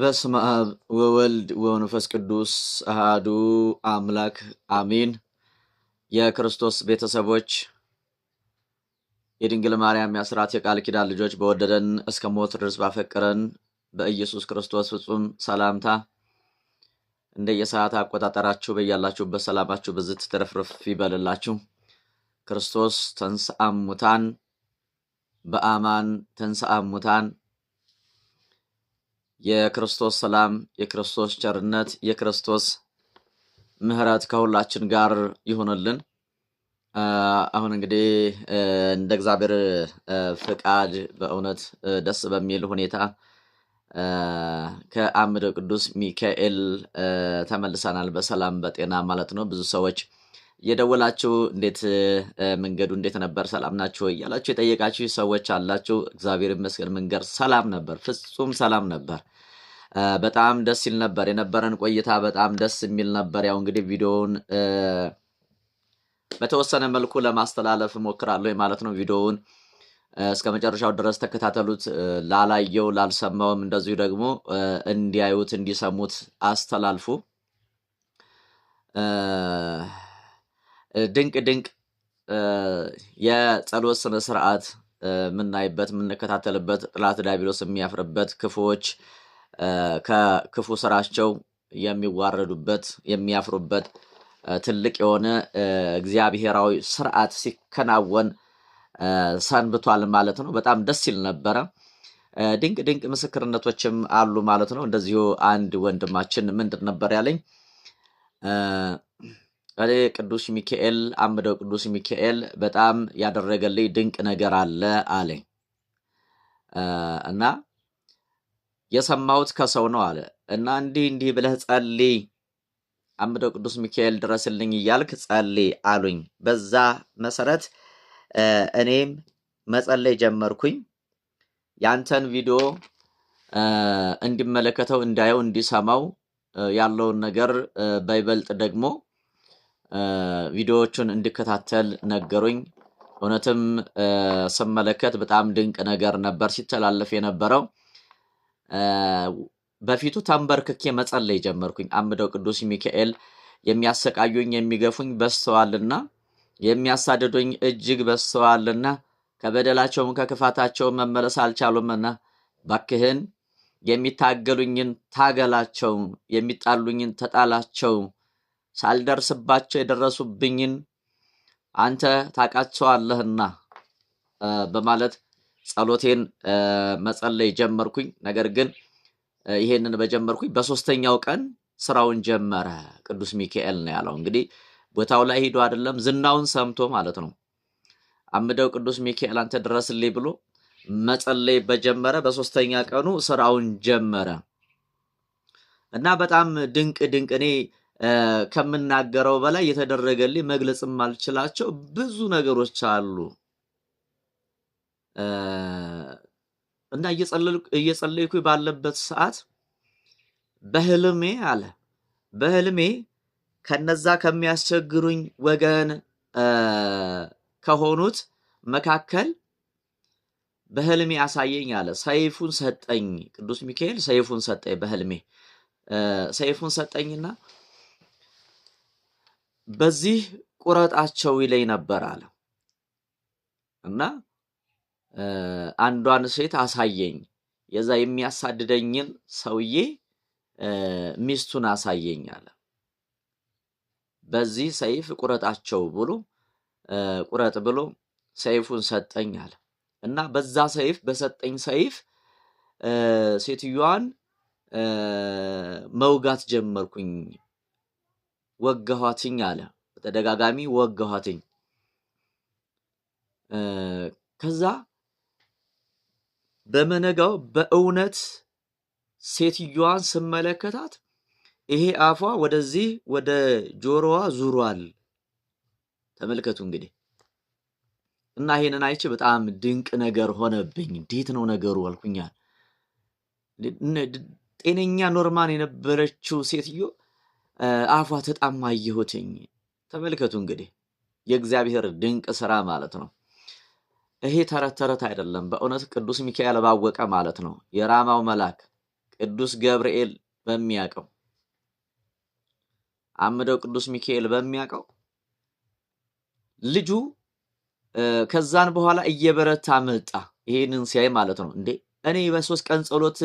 በስመ አብ ወወልድ ወመንፈስ ቅዱስ አሃዱ አምላክ አሚን። የክርስቶስ ቤተሰቦች የድንግል ማርያም የአስራት የቃል ኪዳን ልጆች በወደደን እስከ ሞት ድረስ ባፈቀረን በኢየሱስ ክርስቶስ ፍጹም ሰላምታ እንደየሰዓት አቆጣጠራችሁ በያላችሁበት ሰላማችሁ ብዝት ትርፍርፍ ይበልላችሁ። ክርስቶስ ተንሥአ እሙታን በአማን ተንሥአ እሙታን የክርስቶስ ሰላም፣ የክርስቶስ ቸርነት፣ የክርስቶስ ምሕረት ከሁላችን ጋር ይሁንልን። አሁን እንግዲህ እንደ እግዚአብሔር ፍቃድ በእውነት ደስ በሚል ሁኔታ ከአምደ ቅዱስ ሚካኤል ተመልሰናል፣ በሰላም በጤና ማለት ነው። ብዙ ሰዎች የደወላችሁ እንዴት መንገዱ እንዴት ነበር፣ ሰላም ናችሁ እያላችሁ የጠየቃችሁ ሰዎች አላችሁ። እግዚአብሔር ይመስገን መንገድ ሰላም ነበር፣ ፍጹም ሰላም ነበር። በጣም ደስ ይል ነበር የነበረን ቆይታ፣ በጣም ደስ የሚል ነበር። ያው እንግዲህ ቪዲዮውን በተወሰነ መልኩ ለማስተላለፍ እሞክራለሁ ማለት ነው። ቪዲዮውን እስከ መጨረሻው ድረስ ተከታተሉት። ላላየው ላልሰማውም እንደዚሁ ደግሞ እንዲያዩት እንዲሰሙት አስተላልፉ። ድንቅ ድንቅ የጸሎት ስነ ስርዓት የምናይበት የምንከታተልበት ጥላት ዳቢሎስ የሚያፍርበት ክፉዎች ከክፉ ስራቸው የሚዋረዱበት የሚያፍሩበት ትልቅ የሆነ እግዚአብሔራዊ ስርዓት ሲከናወን ሰንብቷል ማለት ነው። በጣም ደስ ይል ነበረ። ድንቅ ድንቅ ምስክርነቶችም አሉ ማለት ነው። እንደዚሁ አንድ ወንድማችን ምንድን ነበር ያለኝ ቅዱስ ሚካኤል አምደው ቅዱስ ሚካኤል በጣም ያደረገልኝ ድንቅ ነገር አለ አለኝ እና የሰማሁት ከሰው ነው አለ እና እንዲህ እንዲህ ብለህ ጸልይ፣ አምደው ቅዱስ ሚካኤል ድረስልኝ እያልክ ጸልይ አሉኝ። በዛ መሰረት እኔም መጸለይ ጀመርኩኝ። ያንተን ቪዲዮ እንዲመለከተው፣ እንዳየው፣ እንዲሰማው ያለውን ነገር በይበልጥ ደግሞ ቪዲዮዎቹን እንድከታተል ነገሩኝ። እውነትም ስመለከት በጣም ድንቅ ነገር ነበር ሲተላለፍ የነበረው። በፊቱ ተንበርክኬ መጸለይ ጀመርኩኝ። አምደው ቅዱስ ሚካኤል የሚያሰቃዩኝ የሚገፉኝ በስተዋልና የሚያሳድዱኝ እጅግ በስተዋልና ከበደላቸውም ከክፋታቸው መመለስ አልቻሉምና ባክህን የሚታገሉኝን ታገላቸው፣ የሚጣሉኝን ተጣላቸው ሳልደርስባቸው የደረሱብኝን አንተ ታቃቸዋለህና በማለት ጸሎቴን መጸለይ ጀመርኩኝ። ነገር ግን ይሄንን በጀመርኩኝ በሶስተኛው ቀን ስራውን ጀመረ። ቅዱስ ሚካኤል ነው ያለው። እንግዲህ ቦታው ላይ ሂዶ አይደለም ዝናውን ሰምቶ ማለት ነው። አምደው ቅዱስ ሚካኤል አንተ ድረስልኝ ብሎ መጸለይ በጀመረ በሶስተኛ ቀኑ ስራውን ጀመረ እና በጣም ድንቅ ድንቅ እኔ ከምናገረው በላይ የተደረገልኝ መግለጽ የማልችላቸው ብዙ ነገሮች አሉ እና እየጸለይኩ ባለበት ሰዓት በህልሜ አለ በህልሜ ከነዛ ከሚያስቸግሩኝ ወገን ከሆኑት መካከል በህልሜ አሳየኝ አለ። ሰይፉን ሰጠኝ፣ ቅዱስ ሚካኤል ሰይፉን ሰጠኝ። በህልሜ ሰይፉን ሰጠኝና በዚህ ቁረጣቸው ይለኝ ነበር አለ እና አንዷን ሴት አሳየኝ። የዛ የሚያሳድደኝን ሰውዬ ሚስቱን አሳየኝ አለ። በዚህ ሰይፍ ቁረጣቸው ብሎ ቁረጥ ብሎ ሰይፉን ሰጠኝ አለ እና በዛ ሰይፍ በሰጠኝ ሰይፍ ሴትዮዋን መውጋት ጀመርኩኝ። ወገኋትኝ አለ። በተደጋጋሚ ወገኋትኝ። ከዛ በመነጋው በእውነት ሴትዮዋን ስመለከታት ይሄ አፏ ወደዚህ ወደ ጆሮዋ ዙሯል። ተመልከቱ እንግዲህ እና ይሄንን አይቼ በጣም ድንቅ ነገር ሆነብኝ። እንዴት ነው ነገሩ አልኩኛል። ጤነኛ ኖርማን የነበረችው ሴትዮ አፏ ተጣማ አየሁትኝ። ተመልከቱ እንግዲህ የእግዚአብሔር ድንቅ ስራ ማለት ነው። ይሄ ተረት ተረት አይደለም። በእውነት ቅዱስ ሚካኤል ባወቀ ማለት ነው። የራማው መልአክ ቅዱስ ገብርኤል በሚያውቀው አምደው ቅዱስ ሚካኤል በሚያውቀው ልጁ ከዛን በኋላ እየበረታ መጣ። ይሄንን ሲያይ ማለት ነው እንዴ እኔ በሶስት ቀን ጸሎት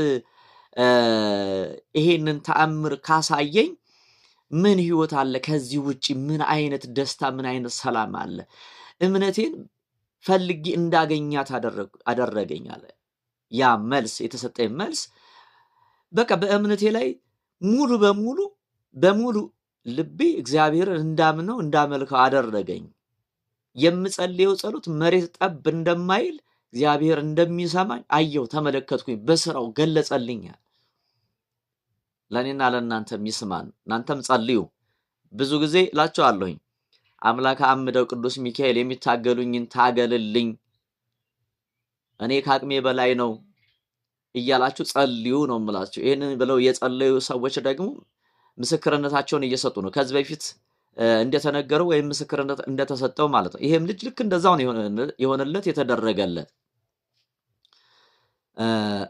ይሄንን ተአምር ካሳየኝ ምን ህይወት አለ? ከዚህ ውጭ ምን አይነት ደስታ፣ ምን አይነት ሰላም አለ? እምነቴን ፈልጌ እንዳገኛት አደረገኝ አለ። ያ መልስ የተሰጠኝ መልስ በቃ በእምነቴ ላይ ሙሉ በሙሉ በሙሉ ልቤ እግዚአብሔርን እንዳምነው እንዳመልከው አደረገኝ። የምጸልየው ጸሎት መሬት ጠብ እንደማይል እግዚአብሔር እንደሚሰማኝ አየሁ፣ ተመለከትኩኝ፣ በስራው ገለጸልኛል። ለእኔና ለእናንተም ይስማን። እናንተም ጸልዩ። ብዙ ጊዜ እላቸዋለሁኝ አምላክ አምደው ቅዱስ ሚካኤል የሚታገሉኝን ታገልልኝ፣ እኔ ከአቅሜ በላይ ነው እያላችሁ ጸልዩ ነው የምላቸው። ይህንን ብለው የጸለዩ ሰዎች ደግሞ ምስክርነታቸውን እየሰጡ ነው። ከዚህ በፊት እንደተነገረው ወይም ምስክርነት እንደተሰጠው ማለት ነው። ይሄም ልጅ ልክ እንደዛው የሆነለት የተደረገለት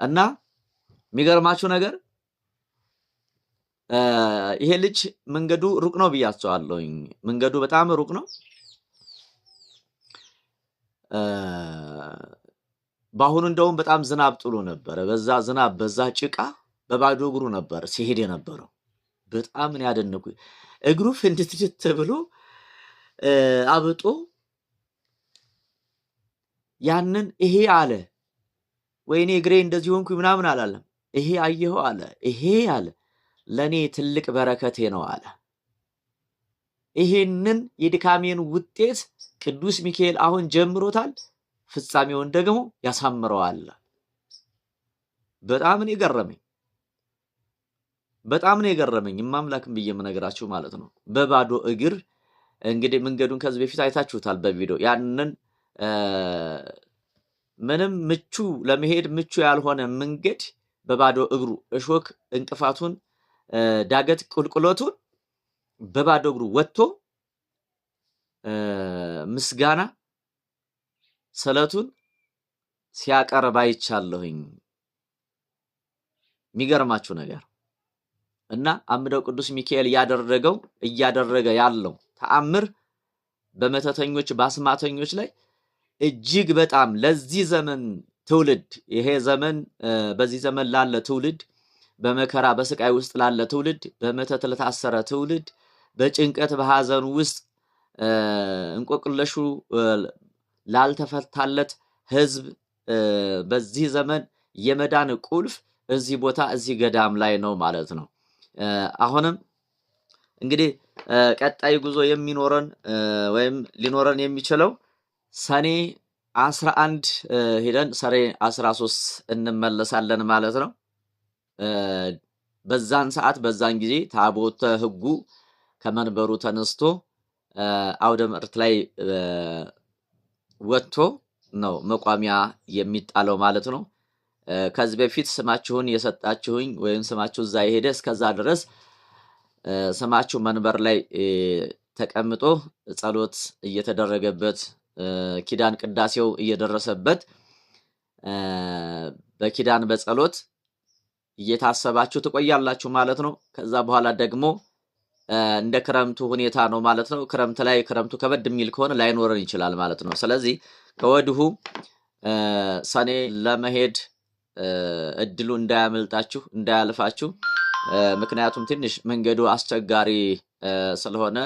እና የሚገርማችሁ ነገር ይሄ ልጅ መንገዱ ሩቅ ነው ብያቸዋለሁኝ። መንገዱ በጣም ሩቅ ነው። በአሁኑ እንደውም በጣም ዝናብ ጥሎ ነበረ። በዛ ዝናብ፣ በዛ ጭቃ፣ በባዶ እግሩ ነበር ሲሄድ የነበረው። በጣም ነው ያደነኩ። እግሩ ፍንድትድት ብሎ አብጦ ያንን ይሄ አለ ወይኔ እግሬ እንደዚህ ሆንኩ ምናምን አላለም። ይሄ አየኸው አለ። ይሄ አለ ለእኔ ትልቅ በረከቴ ነው አለ። ይህንን የድካሜን ውጤት ቅዱስ ሚካኤል አሁን ጀምሮታል፣ ፍጻሜውን ደግሞ ያሳምረዋል። በጣም ነው የገረመኝ፣ በጣም ነው የገረመኝ። የማምላክን ብዬ የምነግራችሁ ማለት ነው። በባዶ እግር እንግዲህ መንገዱን ከዚህ በፊት አይታችሁታል በቪዲዮ ያንን ምንም ምቹ ለመሄድ ምቹ ያልሆነ መንገድ በባዶ እግሩ እሾክ እንቅፋቱን ዳገት ቁልቁሎቱን በባዶ እግሩ ወጥቶ ምስጋና ሰለቱን ሲያቀርብ አይቻለሁኝ። የሚገርማችሁ ነገር እና አምደው ቅዱስ ሚካኤል እያደረገው እያደረገ ያለው ተአምር በመተተኞች በአስማተኞች ላይ እጅግ በጣም ለዚህ ዘመን ትውልድ ይሄ ዘመን በዚህ ዘመን ላለ ትውልድ በመከራ በስቃይ ውስጥ ላለ ትውልድ፣ በመተት ለታሰረ ትውልድ፣ በጭንቀት በሀዘን ውስጥ እንቆቅለሹ ላልተፈታለት ህዝብ በዚህ ዘመን የመዳን ቁልፍ እዚህ ቦታ እዚህ ገዳም ላይ ነው ማለት ነው። አሁንም እንግዲህ ቀጣይ ጉዞ የሚኖረን ወይም ሊኖረን የሚችለው ሰኔ አስራ አንድ ሄደን ሰኔ አስራ ሶስት እንመለሳለን ማለት ነው። በዛን ሰዓት በዛን ጊዜ ታቦተ ሕጉ ከመንበሩ ተነስቶ አውደ ምሕረት ላይ ወጥቶ ነው መቋሚያ የሚጣለው ማለት ነው። ከዚህ በፊት ስማችሁን የሰጣችሁኝ ወይም ስማችሁ እዛ የሄደ እስከዛ ድረስ ስማችሁ መንበር ላይ ተቀምጦ ጸሎት እየተደረገበት ኪዳን ቅዳሴው እየደረሰበት በኪዳን በጸሎት እየታሰባችሁ ትቆያላችሁ ማለት ነው። ከዛ በኋላ ደግሞ እንደ ክረምቱ ሁኔታ ነው ማለት ነው። ክረምት ላይ ክረምቱ ከበድ የሚል ከሆነ ላይኖረን ይችላል ማለት ነው። ስለዚህ ከወዲሁ ሰኔ ለመሄድ እድሉ እንዳያመልጣችሁ እንዳያልፋችሁ። ምክንያቱም ትንሽ መንገዱ አስቸጋሪ ስለሆነ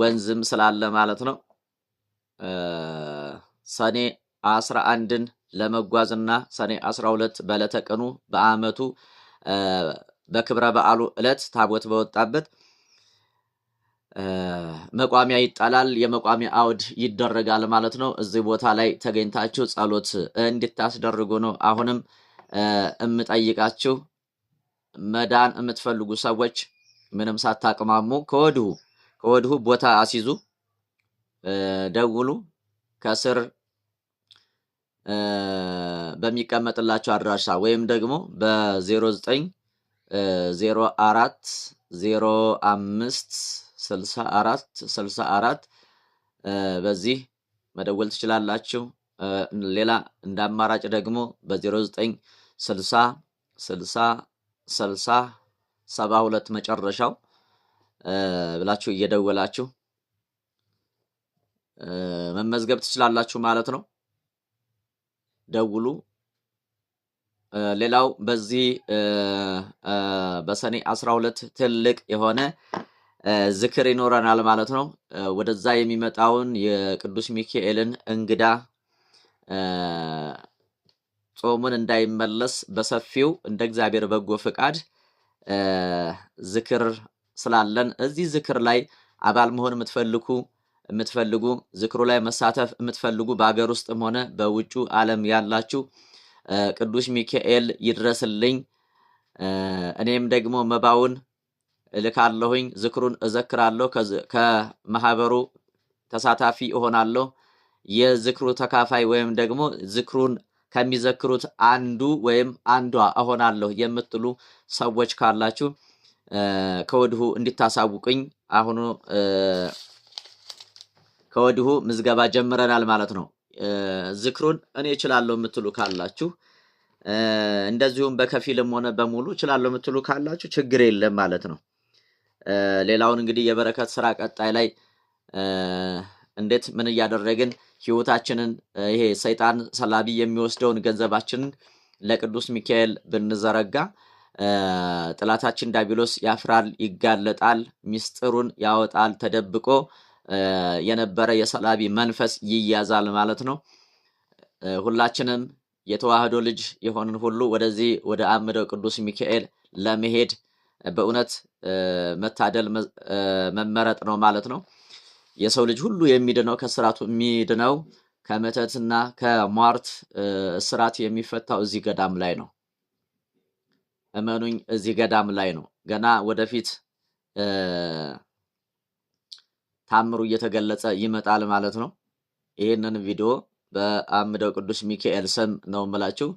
ወንዝም ስላለ ማለት ነው። ሰኔ አስራ አንድን ለመጓዝና ሰኔ 12 በዕለተ ቀኑ በዓመቱ በክብረ በዓሉ ዕለት ታቦት በወጣበት መቋሚያ ይጣላል፣ የመቋሚያ አውድ ይደረጋል ማለት ነው። እዚህ ቦታ ላይ ተገኝታችሁ ጸሎት እንድታስደርጉ ነው አሁንም እምጠይቃችሁ። መዳን የምትፈልጉ ሰዎች ምንም ሳታቅማሙ ከወዲሁ ከወዲሁ ቦታ አስይዙ፣ ደውሉ ከስር በሚቀመጥላቸው አድራሻ ወይም ደግሞ በ0904 05 64 64 በዚህ መደወል ትችላላችሁ። ሌላ እንደ አማራጭ ደግሞ በ09 60 60 60 72 መጨረሻው ብላችሁ እየደወላችሁ መመዝገብ ትችላላችሁ ማለት ነው። ደውሉ። ሌላው በዚህ በሰኔ 12 ትልቅ የሆነ ዝክር ይኖረናል ማለት ነው። ወደዛ የሚመጣውን የቅዱስ ሚካኤልን እንግዳ ጾሙን እንዳይመለስ በሰፊው እንደ እግዚአብሔር በጎ ፈቃድ ዝክር ስላለን እዚህ ዝክር ላይ አባል መሆን የምትፈልጉ የምትፈልጉ ዝክሩ ላይ መሳተፍ የምትፈልጉ በአገር ውስጥም ሆነ በውጩ ዓለም ያላችሁ ቅዱስ ሚካኤል ይድረስልኝ። እኔም ደግሞ መባውን እልካለሁኝ፣ ዝክሩን እዘክራለሁ፣ ከማህበሩ ተሳታፊ እሆናለሁ። የዝክሩ ተካፋይ ወይም ደግሞ ዝክሩን ከሚዘክሩት አንዱ ወይም አንዷ እሆናለሁ የምትሉ ሰዎች ካላችሁ ከወዲሁ እንዲታሳውቅኝ አሁኑ ከወዲሁ ምዝገባ ጀምረናል ማለት ነው። ዝክሩን እኔ እችላለሁ የምትሉ ካላችሁ እንደዚሁም በከፊልም ሆነ በሙሉ እችላለሁ የምትሉ ካላችሁ ችግር የለም ማለት ነው። ሌላውን እንግዲህ የበረከት ስራ ቀጣይ ላይ እንዴት ምን እያደረግን ህይወታችንን ይሄ ሰይጣን ሰላቢ የሚወስደውን ገንዘባችንን ለቅዱስ ሚካኤል ብንዘረጋ ጥላታችን ዳቢሎስ ያፍራል፣ ይጋለጣል፣ ሚስጥሩን ያወጣል ተደብቆ የነበረ የሰላቢ መንፈስ ይያዛል ማለት ነው። ሁላችንም የተዋህዶ ልጅ የሆንን ሁሉ ወደዚህ ወደ አምደው ቅዱስ ሚካኤል ለመሄድ በእውነት መታደል መመረጥ ነው ማለት ነው። የሰው ልጅ ሁሉ የሚድነው ከስራቱ የሚድነው ከመተትና ከሟርት ስራት የሚፈታው እዚህ ገዳም ላይ ነው። እመኑኝ፣ እዚህ ገዳም ላይ ነው። ገና ወደፊት ታምሩ እየተገለጸ ይመጣል ማለት ነው። ይህንን ቪዲዮ በአምደው ቅዱስ ሚካኤል ስም ነው የምላችሁ።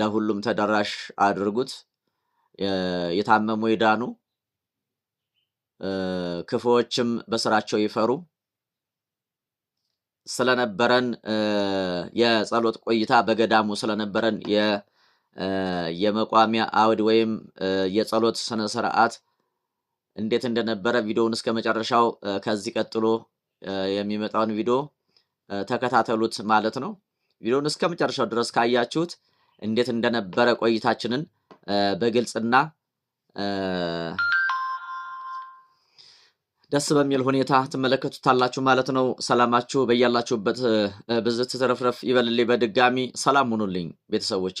ለሁሉም ተደራሽ አድርጉት። የታመሙ ይዳኑ፣ ክፉዎችም በስራቸው ይፈሩ። ስለነበረን የጸሎት ቆይታ በገዳሙ ስለነበረን የመቋሚያ አውድ ወይም የጸሎት ስነስርአት። እንዴት እንደነበረ ቪዲዮውን እስከ መጨረሻው ከዚህ ቀጥሎ የሚመጣውን ቪዲዮ ተከታተሉት ማለት ነው። ቪዲዮውን እስከ መጨረሻው ድረስ ካያችሁት እንዴት እንደነበረ ቆይታችንን በግልጽና ደስ በሚል ሁኔታ ትመለከቱታላችሁ ማለት ነው። ሰላማችሁ በያላችሁበት ብዝ ትረፍረፍ ይበልልኝ። በድጋሚ ሰላም ሁኑልኝ ቤተሰቦቼ።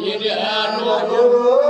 liberar é no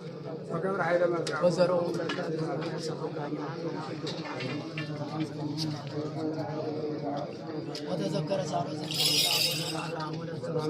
وزروا وتذكر سعر سرور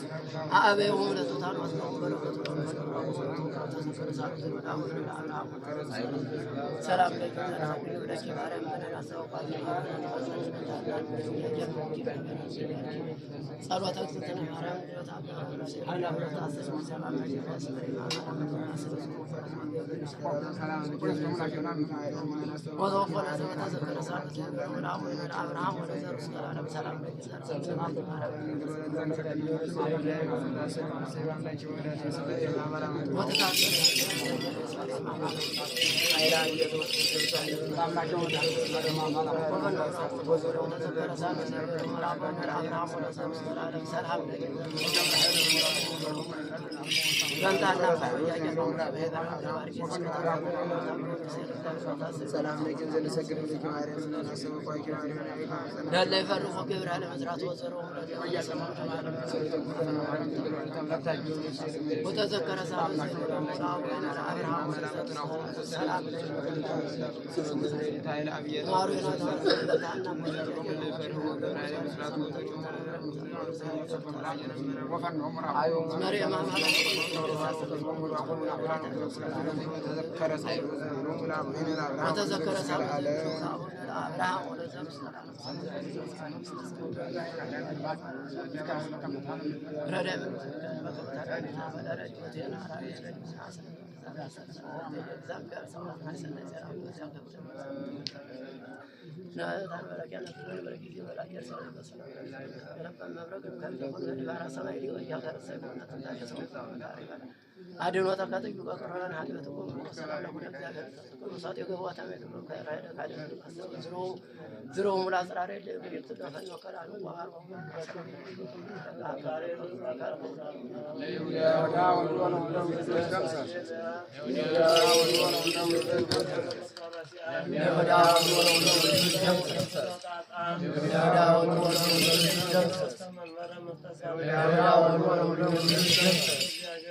አበው ለቶታል ወስነው በረከቱ ሰላም ሰላም ለኪን ዘልሰግድ ለኪ ማርያም ዳላ ይፈርፎ ግብረ ለመስራት ወዘሮ ወተዘከረ መሪያም ወተዘከረ ሳይሆን ربنا مبروك كم يكون على سمايلي ويا غير سيكون تنتهي سمايلي አድኖ ተፈጠዩ ከቅርበን ኃጢአት ቆሙ ሰላም ለሁለ እግዚአብሔር ሳት የገባ ታሜት ነው ከራይደ ካደ ዝሮ ዝሮ ሙላ ስራሬ ለግብት ተፈን ወከራሉ ባህር يا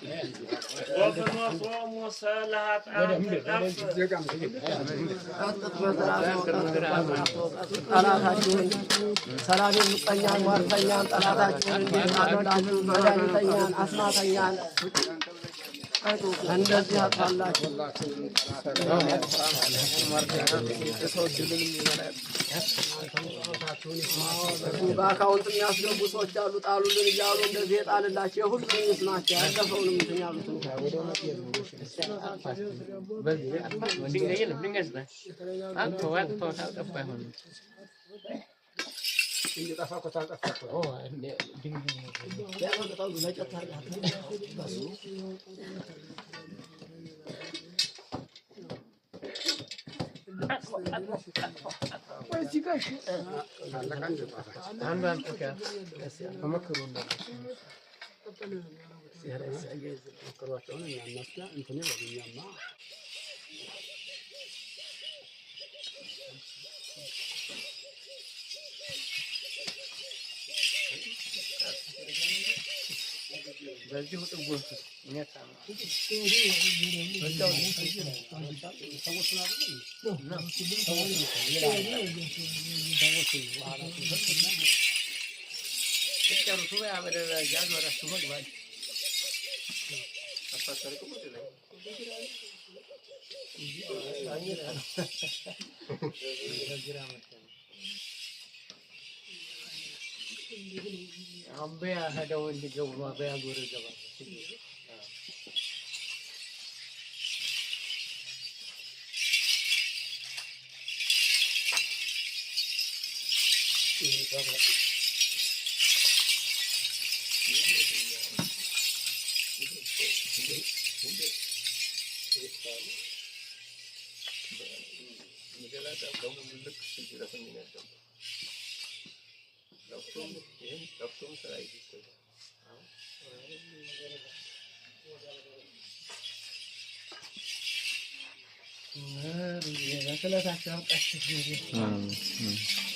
ጠላታችሁን ሰላም የምጠኛን ሟርተኛን ጠላታችሁን እንዲናላችሁ መድኃኒተኛን አስማተኛን እንደዚህ አጣላችሁ በአካውንት የሚያስገቡ ሰዎች አሉ። ጣሉልን እያሉ እንደዚህ የጣልላቸው የሁሉም ይስማቸው ያለፈውንም እንትን ያሉትን Siyaret sayı kırvatı onun yanmasına, intini verin yanma. जल्दी हो तो बोल मैं काम ठीक है जल्दी हो सब सुना दो ना सब क्या रुको है अगर जान वाला सुबह बाद अपना सर को बोल रहे हैं आंबे ह्याच्यावर म्हणजे घेऊन आंबे आजवर ገባ Nah, dia kan kalau tak tahu tak tahu. Hmm.